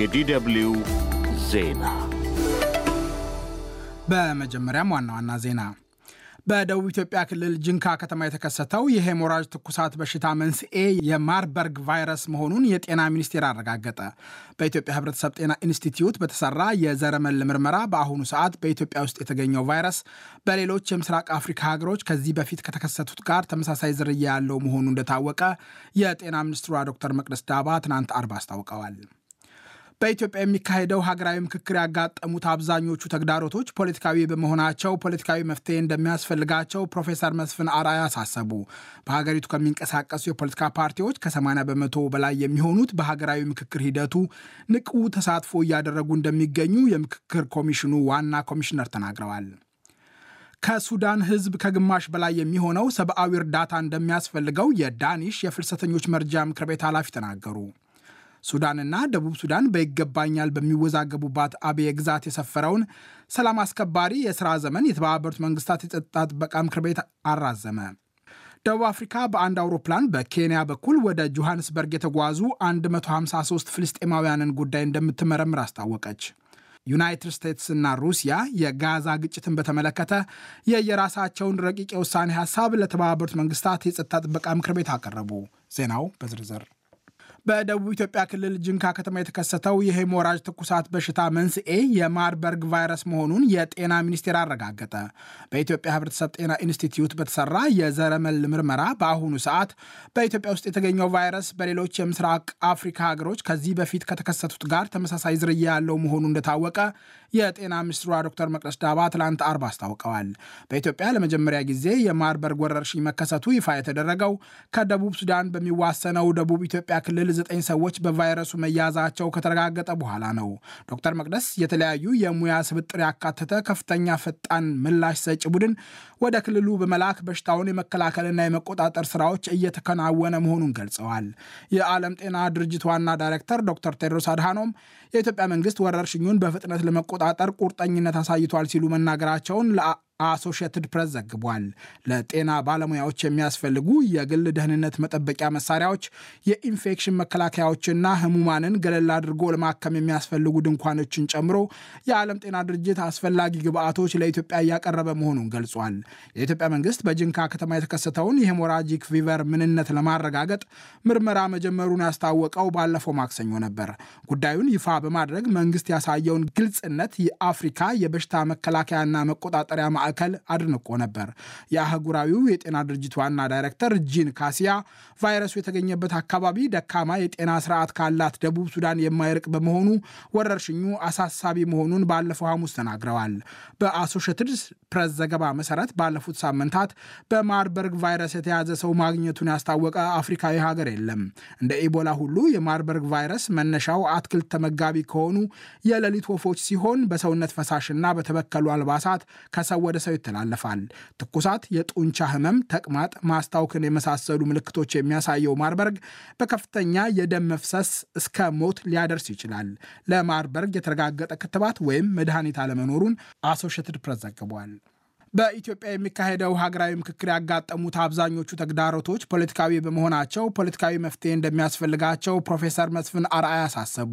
የዲደብልዩ ዜና በመጀመሪያም ዋና ዋና ዜና በደቡብ ኢትዮጵያ ክልል ጅንካ ከተማ የተከሰተው የሄሞራጅ ትኩሳት በሽታ መንስኤ የማርበርግ ቫይረስ መሆኑን የጤና ሚኒስቴር አረጋገጠ። በኢትዮጵያ ህብረተሰብ ጤና ኢንስቲትዩት በተሰራ የዘረመል ምርመራ በአሁኑ ሰዓት በኢትዮጵያ ውስጥ የተገኘው ቫይረስ በሌሎች የምስራቅ አፍሪካ ሀገሮች ከዚህ በፊት ከተከሰቱት ጋር ተመሳሳይ ዝርያ ያለው መሆኑ እንደታወቀ የጤና ሚኒስትሯ ዶክተር መቅደስ ዳባ ትናንት አርባ አስታውቀዋል። በኢትዮጵያ የሚካሄደው ሀገራዊ ምክክር ያጋጠሙት አብዛኞቹ ተግዳሮቶች ፖለቲካዊ በመሆናቸው ፖለቲካዊ መፍትሄ እንደሚያስፈልጋቸው ፕሮፌሰር መስፍን አርአያ አሳሰቡ። በሀገሪቱ ከሚንቀሳቀሱ የፖለቲካ ፓርቲዎች ከ80 በመቶ በላይ የሚሆኑት በሀገራዊ ምክክር ሂደቱ ንቁ ተሳትፎ እያደረጉ እንደሚገኙ የምክክር ኮሚሽኑ ዋና ኮሚሽነር ተናግረዋል። ከሱዳን ሕዝብ ከግማሽ በላይ የሚሆነው ሰብአዊ እርዳታ እንደሚያስፈልገው የዳኒሽ የፍልሰተኞች መርጃ ምክር ቤት ኃላፊ ተናገሩ። ሱዳንና ደቡብ ሱዳን በይገባኛል በሚወዛገቡባት አብየ ግዛት የሰፈረውን ሰላም አስከባሪ የሥራ ዘመን የተባበሩት መንግስታት የጸጥታ ጥበቃ ምክር ቤት አራዘመ። ደቡብ አፍሪካ በአንድ አውሮፕላን በኬንያ በኩል ወደ ጆሃንስበርግ የተጓዙ 153 ፍልስጤማውያንን ጉዳይ እንደምትመረምር አስታወቀች። ዩናይትድ እና ሩሲያ የጋዛ ግጭትን በተመለከተ የየራሳቸውን ረቂቅ የውሳኔ ሀሳብ ለተባበሩት መንግስታት የጸጥታ ጥበቃ ምክር ቤት አቀረቡ። ዜናው በዝርዝር በደቡብ ኢትዮጵያ ክልል ጅንካ ከተማ የተከሰተው የሄሞራጅ ትኩሳት በሽታ መንስኤ የማርበርግ ቫይረስ መሆኑን የጤና ሚኒስቴር አረጋገጠ። በኢትዮጵያ ሕብረተሰብ ጤና ኢንስቲትዩት በተሰራ የዘረመል ምርመራ በአሁኑ ሰዓት በኢትዮጵያ ውስጥ የተገኘው ቫይረስ በሌሎች የምስራቅ አፍሪካ ሀገሮች ከዚህ በፊት ከተከሰቱት ጋር ተመሳሳይ ዝርያ ያለው መሆኑ እንደታወቀ የጤና ሚኒስትሯ ዶክተር መቅደስ ዳባ ትላንት አርብ አስታውቀዋል። በኢትዮጵያ ለመጀመሪያ ጊዜ የማርበርግ ወረርሽኝ መከሰቱ ይፋ የተደረገው ከደቡብ ሱዳን በሚዋሰነው ደቡብ ኢትዮጵያ ክልል ዘጠኝ ሰዎች በቫይረሱ መያዛቸው ከተረጋገጠ በኋላ ነው። ዶክተር መቅደስ የተለያዩ የሙያ ስብጥር ያካተተ ከፍተኛ ፈጣን ምላሽ ሰጪ ቡድን ወደ ክልሉ በመላክ በሽታውን የመከላከልና የመቆጣጠር ስራዎች እየተከናወነ መሆኑን ገልጸዋል። የዓለም ጤና ድርጅት ዋና ዳይሬክተር ዶክተር ቴድሮስ አድሃኖም የኢትዮጵያ መንግስት ወረርሽኙን በፍጥነት ለመቆጣጠር ቁርጠኝነት አሳይቷል ሲሉ መናገራቸውን አሶሽትድ ፕሬስ ዘግቧል። ለጤና ባለሙያዎች የሚያስፈልጉ የግል ደህንነት መጠበቂያ መሳሪያዎች፣ የኢንፌክሽን መከላከያዎችና ህሙማንን ገለል አድርጎ ለማከም የሚያስፈልጉ ድንኳኖችን ጨምሮ የዓለም ጤና ድርጅት አስፈላጊ ግብአቶች ለኢትዮጵያ እያቀረበ መሆኑን ገልጿል። የኢትዮጵያ መንግስት በጅንካ ከተማ የተከሰተውን የሄሞራጂክ ፊቨር ምንነት ለማረጋገጥ ምርመራ መጀመሩን ያስታወቀው ባለፈው ማክሰኞ ነበር። ጉዳዩን ይፋ በማድረግ መንግስት ያሳየውን ግልጽነት የአፍሪካ የበሽታ መከላከያና መቆጣጠሪያ ማዕከል አድንቆ ነበር። የአህጉራዊው የጤና ድርጅት ዋና ዳይሬክተር ጂን ካሲያ ቫይረሱ የተገኘበት አካባቢ ደካማ የጤና ስርዓት ካላት ደቡብ ሱዳን የማይርቅ በመሆኑ ወረርሽኙ አሳሳቢ መሆኑን ባለፈው ሐሙስ ተናግረዋል። በአሶሽትድ ፕሬስ ዘገባ መሰረት ባለፉት ሳምንታት በማርበርግ ቫይረስ የተያዘ ሰው ማግኘቱን ያስታወቀ አፍሪካዊ ሀገር የለም። እንደ ኢቦላ ሁሉ የማርበርግ ቫይረስ መነሻው አትክልት ተመጋቢ ከሆኑ የሌሊት ወፎች ሲሆን በሰውነት ፈሳሽና በተበከሉ አልባሳት ከሰው ወደ ወደ ሰው ይተላለፋል። ትኩሳት፣ የጡንቻ ህመም፣ ተቅማጥ፣ ማስታወክን የመሳሰሉ ምልክቶች የሚያሳየው ማርበርግ በከፍተኛ የደም መፍሰስ እስከ ሞት ሊያደርስ ይችላል። ለማርበርግ የተረጋገጠ ክትባት ወይም መድኃኒት አለመኖሩን አሶሽትድ ፕሬስ ዘግቧል። በኢትዮጵያ የሚካሄደው ሀገራዊ ምክክር ያጋጠሙት አብዛኞቹ ተግዳሮቶች ፖለቲካዊ በመሆናቸው ፖለቲካዊ መፍትሄ እንደሚያስፈልጋቸው ፕሮፌሰር መስፍን አርአያ አሳሰቡ።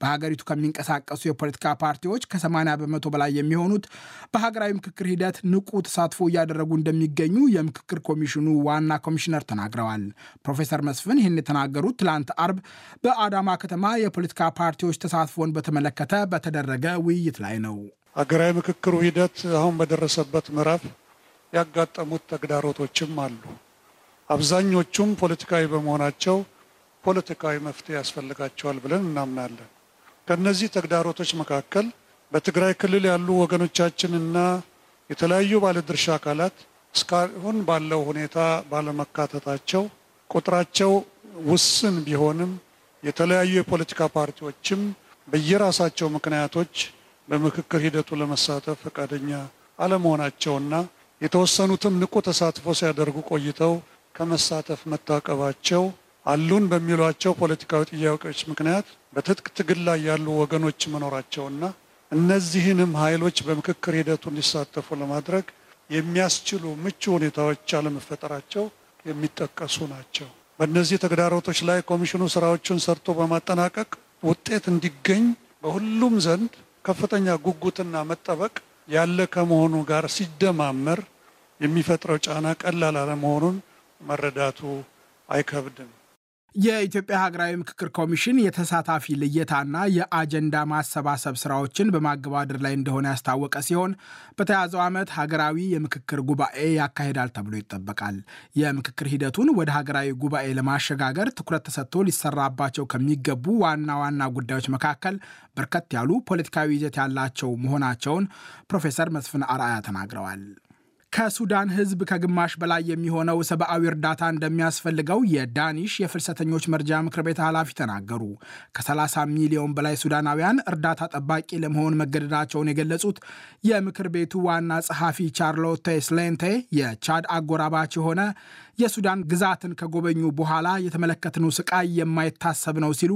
በሀገሪቱ ከሚንቀሳቀሱ የፖለቲካ ፓርቲዎች ከ 8 በመቶ በላይ የሚሆኑት በሀገራዊ ምክክር ሂደት ንቁ ተሳትፎ እያደረጉ እንደሚገኙ የምክክር ኮሚሽኑ ዋና ኮሚሽነር ተናግረዋል። ፕሮፌሰር መስፍን ይህን የተናገሩት ትላንት አርብ በአዳማ ከተማ የፖለቲካ ፓርቲዎች ተሳትፎን በተመለከተ በተደረገ ውይይት ላይ ነው። ሀገራዊ ምክክሩ ሂደት አሁን በደረሰበት ምዕራፍ ያጋጠሙት ተግዳሮቶችም አሉ። አብዛኞቹም ፖለቲካዊ በመሆናቸው ፖለቲካዊ መፍትሄ ያስፈልጋቸዋል ብለን እናምናለን። ከነዚህ ተግዳሮቶች መካከል በትግራይ ክልል ያሉ ወገኖቻችንና የተለያዩ ባለድርሻ አካላት እስካሁን ባለው ሁኔታ ባለመካተታቸው ቁጥራቸው ውስን ቢሆንም የተለያዩ የፖለቲካ ፓርቲዎችም በየራሳቸው ምክንያቶች በምክክር ሂደቱ ለመሳተፍ ፈቃደኛ አለመሆናቸውና የተወሰኑትም ንቁ ተሳትፎ ሲያደርጉ ቆይተው ከመሳተፍ መታቀባቸው አሉን በሚሏቸው ፖለቲካዊ ጥያቄዎች ምክንያት በትጥቅ ትግል ላይ ያሉ ወገኖች መኖራቸውና እነዚህንም ኃይሎች በምክክር ሂደቱ እንዲሳተፉ ለማድረግ የሚያስችሉ ምቹ ሁኔታዎች አለመፈጠራቸው የሚጠቀሱ ናቸው። በእነዚህ ተግዳሮቶች ላይ ኮሚሽኑ ስራዎቹን ሰርቶ በማጠናቀቅ ውጤት እንዲገኝ በሁሉም ዘንድ ከፍተኛ ጉጉትና መጠበቅ ያለ ከመሆኑ ጋር ሲደማመር የሚፈጥረው ጫና ቀላል አለመሆኑን መረዳቱ አይከብድም። የኢትዮጵያ ሀገራዊ ምክክር ኮሚሽን የተሳታፊ ልየታና የአጀንዳ ማሰባሰብ ስራዎችን በማገባደር ላይ እንደሆነ ያስታወቀ ሲሆን በተያዘው ዓመት ሀገራዊ የምክክር ጉባኤ ያካሂዳል ተብሎ ይጠበቃል። የምክክር ሂደቱን ወደ ሀገራዊ ጉባኤ ለማሸጋገር ትኩረት ተሰጥቶ ሊሰራባቸው ከሚገቡ ዋና ዋና ጉዳዮች መካከል በርከት ያሉ ፖለቲካዊ ይዘት ያላቸው መሆናቸውን ፕሮፌሰር መስፍን አርአያ ተናግረዋል። ከሱዳን ህዝብ ከግማሽ በላይ የሚሆነው ሰብአዊ እርዳታ እንደሚያስፈልገው የዳኒሽ የፍልሰተኞች መርጃ ምክር ቤት ኃላፊ ተናገሩ። ከ30 ሚሊዮን በላይ ሱዳናውያን እርዳታ ጠባቂ ለመሆን መገደዳቸውን የገለጹት የምክር ቤቱ ዋና ጸሐፊ ቻርሎቴ ስሌንቴ የቻድ አጎራባች የሆነ የሱዳን ግዛትን ከጎበኙ በኋላ የተመለከትነው ስቃይ የማይታሰብ ነው ሲሉ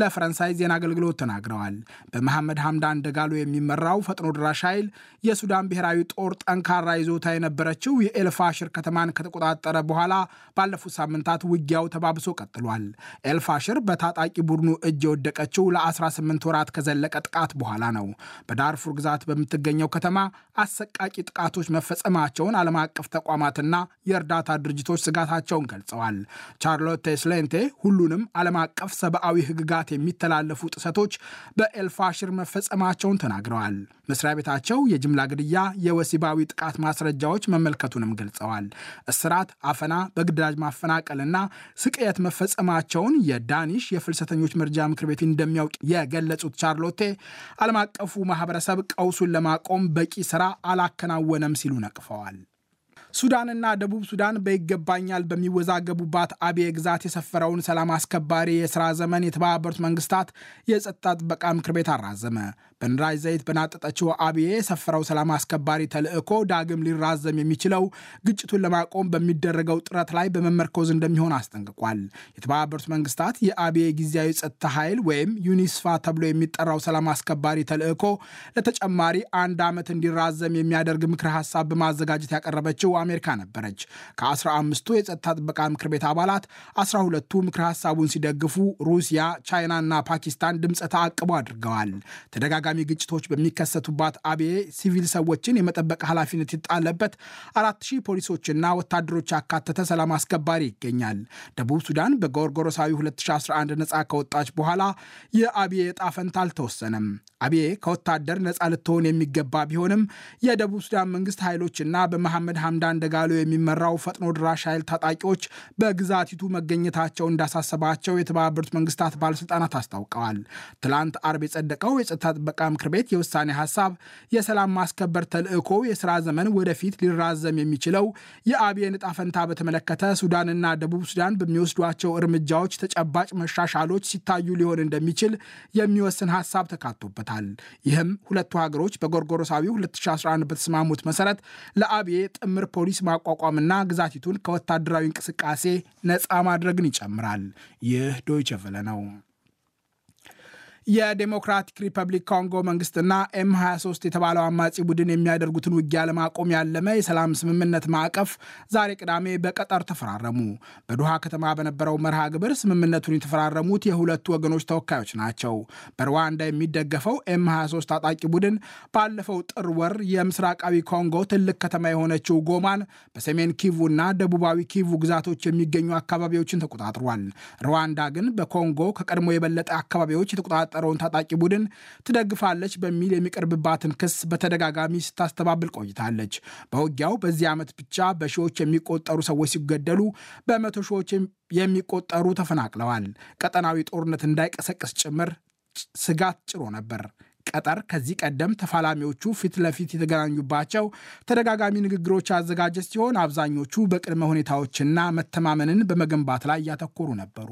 ለፈረንሳይ ዜና አገልግሎት ተናግረዋል። በመሐመድ ሐምዳን ደጋሎ የሚመራው ፈጥኖ ድራሽ ኃይል የሱዳን ብሔራዊ ጦር ጠንካራ ይዞታ የነበረችው የኤልፋሽር ከተማን ከተቆጣጠረ በኋላ ባለፉት ሳምንታት ውጊያው ተባብሶ ቀጥሏል። ኤልፋሽር በታጣቂ ቡድኑ እጅ የወደቀችው ለ18 ወራት ከዘለቀ ጥቃት በኋላ ነው። በዳርፉር ግዛት በምትገኘው ከተማ አሰቃቂ ጥቃቶች መፈጸማቸውን ዓለም አቀፍ ተቋማትና የእርዳታ ድርጅቶች ስጋታቸውን ገልጸዋል። ቻርሎቴ ስሌንቴ ሁሉንም ዓለም አቀፍ ሰብአዊ ሕግጋት የሚተላለፉ ጥሰቶች በኤልፋሽር መፈጸማቸውን ተናግረዋል። መስሪያ ቤታቸው የጅምላ ግድያ፣ የወሲባዊ ጥቃት ማስረጃ እርምጃዎች መመልከቱንም ገልጸዋል። እስራት፣ አፈና፣ በግዳጅ ማፈናቀልና ስቅየት መፈጸማቸውን የዳኒሽ የፍልሰተኞች መርጃ ምክር ቤት እንደሚያውቅ የገለጹት ቻርሎቴ ዓለም አቀፉ ማህበረሰብ ቀውሱን ለማቆም በቂ ስራ አላከናወነም ሲሉ ነቅፈዋል። ሱዳንና ደቡብ ሱዳን በይገባኛል በሚወዛገቡባት አብየ ግዛት የሰፈረውን ሰላም አስከባሪ የስራ ዘመን የተባበሩት መንግስታት የጸጥታ ጥበቃ ምክር ቤት አራዘመ። በንራይ ዘይት በናጠጠችው አብዬ የሰፈረው ሰላም አስከባሪ ተልዕኮ ዳግም ሊራዘም የሚችለው ግጭቱን ለማቆም በሚደረገው ጥረት ላይ በመመርኮዝ እንደሚሆን አስጠንቅቋል። የተባበሩት መንግስታት የአብዬ ጊዜያዊ ጸጥታ ኃይል ወይም ዩኒስፋ ተብሎ የሚጠራው ሰላም አስከባሪ ተልዕኮ ለተጨማሪ አንድ ዓመት እንዲራዘም የሚያደርግ ምክረ ሀሳብ በማዘጋጀት ያቀረበችው አሜሪካ ነበረች። ከአስራ አምስቱ የጸጥታ ጥበቃ ምክር ቤት አባላት አስራ ሁለቱ ምክረ ሀሳቡን ሲደግፉ ሩሲያ፣ ቻይናና ፓኪስታን ድምፀ ተአቅቦ አድርገዋል። ተደጋጋሚ ተደጋጋሚ ግጭቶች በሚከሰቱባት አቤ ሲቪል ሰዎችን የመጠበቅ ኃላፊነት ይጣለበት አራት ሺህ ፖሊሶችና ወታደሮች ያካተተ ሰላም አስከባሪ ይገኛል። ደቡብ ሱዳን በጎርጎሮሳዊ 2011 ነፃ ከወጣች በኋላ የአብ ዕጣ ፈንታ አልተወሰነም። አቤ ከወታደር ነፃ ልትሆን የሚገባ ቢሆንም የደቡብ ሱዳን መንግስት ኃይሎችና በመሐመድ ሐምዳን ደጋሎ የሚመራው ፈጥኖ ድራሽ ኃይል ታጣቂዎች በግዛቲቱ መገኘታቸው እንዳሳሰባቸው የተባበሩት መንግስታት ባለስልጣናት አስታውቀዋል። ትላንት አርብ የጸደቀው የጸጥታ ጥበቃ ጥበቃ ምክር ቤት የውሳኔ ሀሳብ የሰላም ማስከበር ተልዕኮ የስራ ዘመን ወደፊት ሊራዘም የሚችለው የአብይን ዕጣ ፈንታ በተመለከተ ሱዳንና ደቡብ ሱዳን በሚወስዷቸው እርምጃዎች ተጨባጭ መሻሻሎች ሲታዩ ሊሆን እንደሚችል የሚወስን ሀሳብ ተካቶበታል። ይህም ሁለቱ ሀገሮች በጎርጎሮሳዊ 2011 በተስማሙት መሰረት ለአብዬ ጥምር ፖሊስ ማቋቋምና ግዛቲቱን ከወታደራዊ እንቅስቃሴ ነፃ ማድረግን ይጨምራል። ይህ ዶይቸ ቬለ ነው። የዴሞክራቲክ ሪፐብሊክ ኮንጎ መንግስትና ኤም 23 የተባለው አማጺ ቡድን የሚያደርጉትን ውጊያ ለማቆም ያለመ የሰላም ስምምነት ማዕቀፍ ዛሬ ቅዳሜ በቀጠር ተፈራረሙ። በዱሃ ከተማ በነበረው መርሃ ግብር ስምምነቱን የተፈራረሙት የሁለቱ ወገኖች ተወካዮች ናቸው። በሩዋንዳ የሚደገፈው ኤም 23 ታጣቂ ቡድን ባለፈው ጥር ወር የምስራቃዊ ኮንጎ ትልቅ ከተማ የሆነችው ጎማን በሰሜን ኪቩ እና ደቡባዊ ኪቩ ግዛቶች የሚገኙ አካባቢዎችን ተቆጣጥሯል። ሩዋንዳ ግን በኮንጎ ከቀድሞ የበለጠ አካባቢዎች የተቆጣ የተፈጠረውን ታጣቂ ቡድን ትደግፋለች በሚል የሚቀርብባትን ክስ በተደጋጋሚ ስታስተባብል ቆይታለች። በውጊያው በዚህ ዓመት ብቻ በሺዎች የሚቆጠሩ ሰዎች ሲገደሉ በመቶ ሺዎች የሚቆጠሩ ተፈናቅለዋል። ቀጠናዊ ጦርነት እንዳይቀሰቅስ ጭምር ስጋት ጭሮ ነበር። ቀጠር ከዚህ ቀደም ተፋላሚዎቹ ፊት ለፊት የተገናኙባቸው ተደጋጋሚ ንግግሮች ያዘጋጀ ሲሆን አብዛኞቹ በቅድመ ሁኔታዎችና መተማመንን በመገንባት ላይ ያተኮሩ ነበሩ።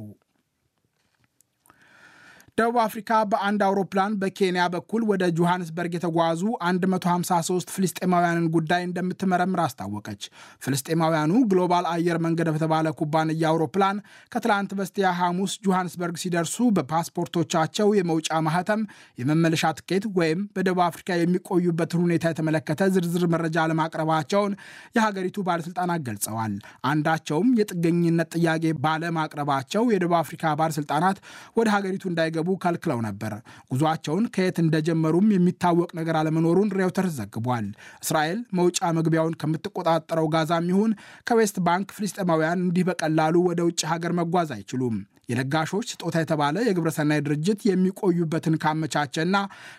ደቡብ አፍሪካ በአንድ አውሮፕላን በኬንያ በኩል ወደ ጆሃንስበርግ የተጓዙ 153 ፍልስጤማውያንን ጉዳይ እንደምትመረምር አስታወቀች። ፍልስጤማውያኑ ግሎባል አየር መንገድ በተባለ ኩባንያ አውሮፕላን ከትላንት በስቲያ ሐሙስ ጆሃንስበርግ ሲደርሱ በፓስፖርቶቻቸው የመውጫ ማህተም፣ የመመለሻ ትኬት ወይም በደቡብ አፍሪካ የሚቆዩበትን ሁኔታ የተመለከተ ዝርዝር መረጃ ለማቅረባቸውን የሀገሪቱ ባለስልጣናት ገልጸዋል። አንዳቸውም የጥገኝነት ጥያቄ ባለማቅረባቸው የደቡብ አፍሪካ ባለስልጣናት ወደ ሀገሪቱ እንዳይገቡ እንዳይገቡ ከልክለው ነበር። ጉዞአቸውን ከየት እንደጀመሩም የሚታወቅ ነገር አለመኖሩን ሬውተርስ ዘግቧል። እስራኤል መውጫ መግቢያውን ከምትቆጣጠረው ጋዛም ይሁን ከዌስት ባንክ ፍልስጤማውያን እንዲህ በቀላሉ ወደ ውጭ ሀገር መጓዝ አይችሉም። የለጋሾች ስጦታ የተባለ የግብረሰናይ ድርጅት የሚቆዩበትን ካመቻቸና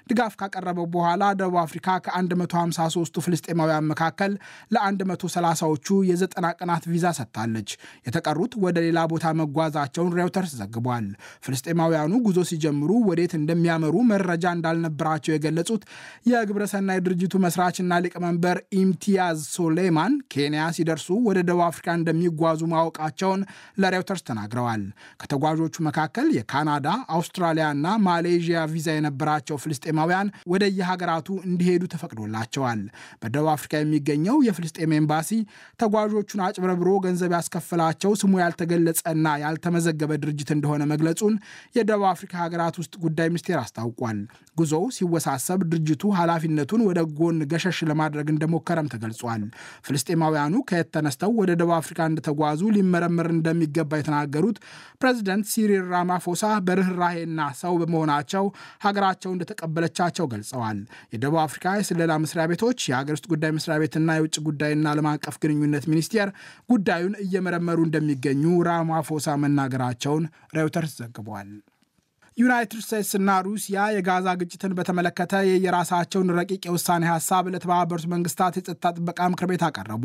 ድጋፍ ካቀረበ በኋላ ደቡብ አፍሪካ ከ153ቱ ፍልስጤማውያን መካከል ለ130ዎቹ የዘጠና ቅናት ቀናት ቪዛ ሰጥታለች። የተቀሩት ወደ ሌላ ቦታ መጓዛቸውን ሬውተርስ ዘግቧል። ፍልስጤማውያኑ ጉዞ ሲጀምሩ ወዴት እንደሚያመሩ መረጃ እንዳልነበራቸው የገለጹት የግብረሰናይ ድርጅቱ መስራችና ሊቀመንበር ኢምቲያዝ ሶሌማን ኬንያ ሲደርሱ ወደ ደቡብ አፍሪካ እንደሚጓዙ ማወቃቸውን ለሬውተርስ ተናግረዋል። ከተጓዦቹ መካከል የካናዳ፣ አውስትራሊያና ማሌዥያ ቪዛ የነበራቸው ፍልስጤማውያን ወደ የሀገራቱ እንዲሄዱ ተፈቅዶላቸዋል። በደቡብ አፍሪካ የሚገኘው የፍልስጤም ኤምባሲ ተጓዦቹን አጭበርብሮ ገንዘብ ያስከፈላቸው ስሙ ያልተገለጸና ያልተመዘገበ ድርጅት እንደሆነ መግለጹን የደቡብ አፍሪካ ሀገራት ውስጥ ጉዳይ ሚኒስቴር አስታውቋል። ጉዞው ሲወሳሰብ ድርጅቱ ኃላፊነቱን ወደ ጎን ገሸሽ ለማድረግ እንደሞከረም ተገልጿል። ፍልስጤማውያኑ ከየት ተነስተው ወደ ደቡብ አፍሪካ እንደተጓዙ ሊመረመር እንደሚገባ የተናገሩት ፕሬዚደንት ሲሪል ራማፎሳ በርኅራሄና ሰው በመሆናቸው ሀገራቸው እንደተቀበለቻቸው ገልጸዋል። የደቡብ አፍሪካ የስለላ መስሪያ ቤቶች፣ የሀገር ውስጥ ጉዳይ መስሪያ ቤትና የውጭ ጉዳይና ዓለም አቀፍ ግንኙነት ሚኒስቴር ጉዳዩን እየመረመሩ እንደሚገኙ ራማፎሳ መናገራቸውን ሬውተርስ ዘግቧል። ዩናይትድ እና ሩሲያ የጋዛ ግጭትን በተመለከተ የየራሳቸውን ረቂቅ የውሳኔ ሀሳብ ለተባበሩት መንግስታት የጸጥታ ጥበቃ ምክር ቤት አቀረቡ።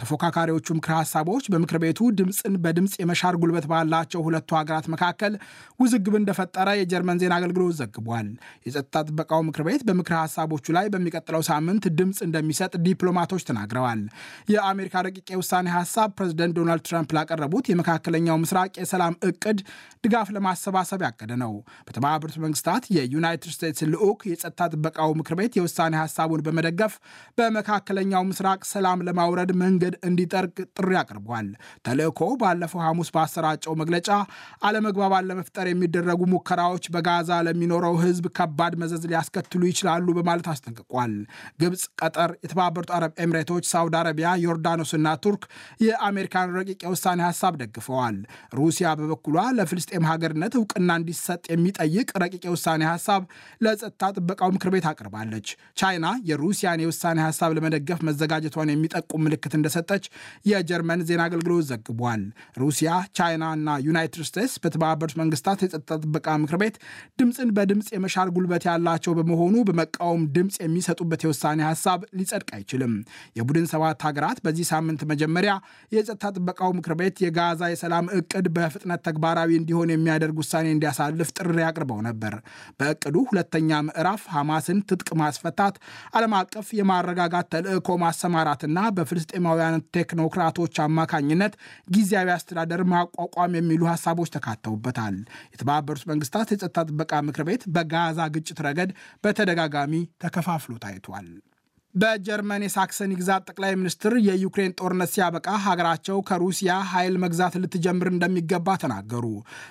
ተፎካካሪዎቹ ምክር ሀሳቦች በምክር ቤቱ ድምፅን በድምፅ የመሻር ጉልበት ባላቸው ሁለቱ ሀገራት መካከል ውዝግብ እንደፈጠረ የጀርመን ዜና አገልግሎት ዘግቧል። የጸጥታ ጥበቃው ምክር ቤት በምክር ሀሳቦቹ ላይ በሚቀጥለው ሳምንት ድምፅ እንደሚሰጥ ዲፕሎማቶች ተናግረዋል። የአሜሪካ ረቂቅ የውሳኔ ሀሳብ ፕሬዚደንት ዶናልድ ትራምፕ ላቀረቡት የመካከለኛው ምስራቅ የሰላም እቅድ ድጋፍ ለማሰባሰብ ያቀደ ነው። በተባበሩት መንግስታት የዩናይትድ ስቴትስ ልዑክ የጸጥታ ጥበቃው ምክር ቤት የውሳኔ ሀሳቡን በመደገፍ በመካከለኛው ምስራቅ ሰላም ለማውረድ መንገድ እንዲጠርግ ጥሪ አቅርቧል። ተልእኮ ባለፈው ሐሙስ ባሰራጨው መግለጫ አለመግባባት ለመፍጠር የሚደረጉ ሙከራዎች በጋዛ ለሚኖረው ሕዝብ ከባድ መዘዝ ሊያስከትሉ ይችላሉ በማለት አስጠንቅቋል። ግብፅ፣ ቀጠር፣ የተባበሩት አረብ ኤሚሬቶች፣ ሳውዲ አረቢያ፣ ዮርዳኖስና ቱርክ የአሜሪካን ረቂቅ የውሳኔ ሀሳብ ደግፈዋል። ሩሲያ በበኩሏ ለፍልስጤም ሀገርነት እውቅና እንዲሰጥ የሚጠይቅ ረቂቅ የውሳኔ ሀሳብ ለጸጥታ ጥበቃው ምክር ቤት አቅርባለች። ቻይና የሩሲያን የውሳኔ ሀሳብ ለመደገፍ መዘጋጀቷን የሚጠቁም ምልክት እንደሰጠች የጀርመን ዜና አገልግሎት ዘግቧል። ሩሲያ፣ ቻይና እና ዩናይትድ ስቴትስ በተባበሩት መንግስታት የጸጥታ ጥበቃ ምክር ቤት ድምፅን በድምፅ የመሻር ጉልበት ያላቸው በመሆኑ በመቃወም ድምፅ የሚሰጡበት የውሳኔ ሀሳብ ሊጸድቅ አይችልም። የቡድን ሰባት ሀገራት በዚህ ሳምንት መጀመሪያ የጸጥታ ጥበቃው ምክር ቤት የጋዛ የሰላም እቅድ በፍጥነት ተግባራዊ እንዲሆን የሚያደርግ ውሳኔ እንዲያሳልፍ ጥሪ አቅርበው ነበር። በእቅዱ ሁለተኛ ምዕራፍ ሐማስን ትጥቅ ማስፈታት፣ ዓለም አቀፍ የማረጋጋት ተልዕኮ ማሰማራትና በፍልስጤማውያን ቴክኖክራቶች አማካኝነት ጊዜያዊ አስተዳደር ማቋቋም የሚሉ ሀሳቦች ተካተውበታል። የተባበሩት መንግስታት የጸጥታ ጥበቃ ምክር ቤት በጋዛ ግጭት ረገድ በተደጋጋሚ ተከፋፍሎ ታይቷል። በጀርመን የሳክሰኒ ግዛት ጠቅላይ ሚኒስትር የዩክሬን ጦርነት ሲያበቃ ሀገራቸው ከሩሲያ ኃይል መግዛት ልትጀምር እንደሚገባ ተናገሩ።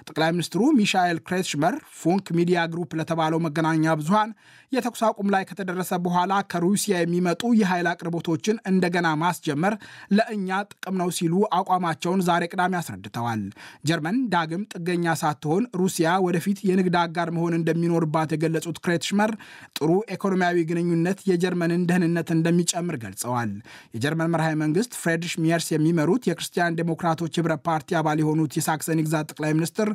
ጠቅላይ ሚኒስትሩ ሚሻኤል ክሬትሽመር ፉንክ ሚዲያ ግሩፕ ለተባለው መገናኛ ብዙሃን የተኩስ አቁም ላይ ከተደረሰ በኋላ ከሩሲያ የሚመጡ የኃይል አቅርቦቶችን እንደገና ማስጀመር ለእኛ ጥቅም ነው ሲሉ አቋማቸውን ዛሬ ቅዳሜ አስረድተዋል። ጀርመን ዳግም ጥገኛ ሳትሆን ሩሲያ ወደፊት የንግድ አጋር መሆን እንደሚኖርባት የገለጹት ክሬትሽመር ጥሩ ኢኮኖሚያዊ ግንኙነት የጀርመንን ደህንነት ተአማኒነት እንደሚጨምር ገልጸዋል። የጀርመን መርሃዊ መንግስት ፍሬድሪሽ ሚየርስ የሚመሩት የክርስቲያን ዴሞክራቶች ህብረት ፓርቲ አባል የሆኑት የሳክሰኒ ግዛት ጠቅላይ ሚኒስትር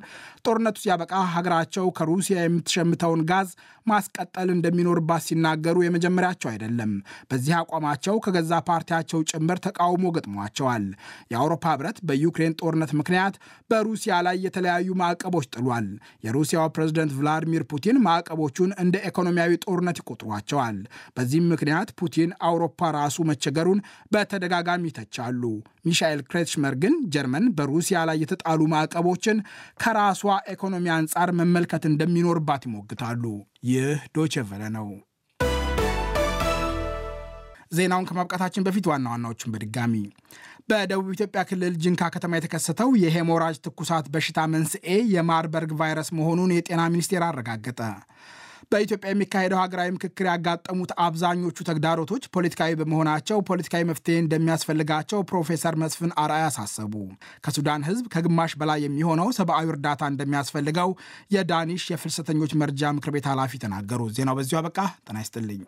ጦርነቱ ሲያበቃ ሀገራቸው ከሩሲያ የምትሸምተውን ጋዝ ማስቀጠል እንደሚኖርባት ሲናገሩ የመጀመሪያቸው አይደለም። በዚህ አቋማቸው ከገዛ ፓርቲያቸው ጭምር ተቃውሞ ገጥሟቸዋል። የአውሮፓ ህብረት በዩክሬን ጦርነት ምክንያት በሩሲያ ላይ የተለያዩ ማዕቀቦች ጥሏል። የሩሲያው ፕሬዝደንት ቭላዲሚር ፑቲን ማዕቀቦቹን እንደ ኢኮኖሚያዊ ጦርነት ይቆጥሯቸዋል። በዚህም ምክንያት ፑቲን አውሮፓ ራሱ መቸገሩን በተደጋጋሚ ይተቻሉ። ሚሻኤል ክሬትሽመር ግን ጀርመን በሩሲያ ላይ የተጣሉ ማዕቀቦችን ከራሷ ኢኮኖሚ አንጻር መመልከት እንደሚኖርባት ይሞግታሉ። ይህ ዶቸቨለ ነው። ዜናውን ከማብቃታችን በፊት ዋና ዋናዎቹን በድጋሚ በደቡብ ኢትዮጵያ ክልል ጅንካ ከተማ የተከሰተው የሄሞራጅ ትኩሳት በሽታ መንስኤ የማርበርግ ቫይረስ መሆኑን የጤና ሚኒስቴር አረጋገጠ። በኢትዮጵያ የሚካሄደው ሀገራዊ ምክክር ያጋጠሙት አብዛኞቹ ተግዳሮቶች ፖለቲካዊ በመሆናቸው ፖለቲካዊ መፍትሄ እንደሚያስፈልጋቸው ፕሮፌሰር መስፍን አርአያ አሳሰቡ። ከሱዳን ህዝብ ከግማሽ በላይ የሚሆነው ሰብአዊ እርዳታ እንደሚያስፈልገው የዳኒሽ የፍልሰተኞች መርጃ ምክር ቤት ኃላፊ ተናገሩ። ዜናው በዚሁ አበቃ። ጤና ይስጥልኝ።